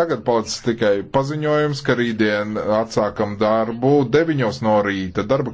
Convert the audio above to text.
Tagad palicis tikai paziņojums, ka rītdien atsākam darbu 9 no rīta. Darba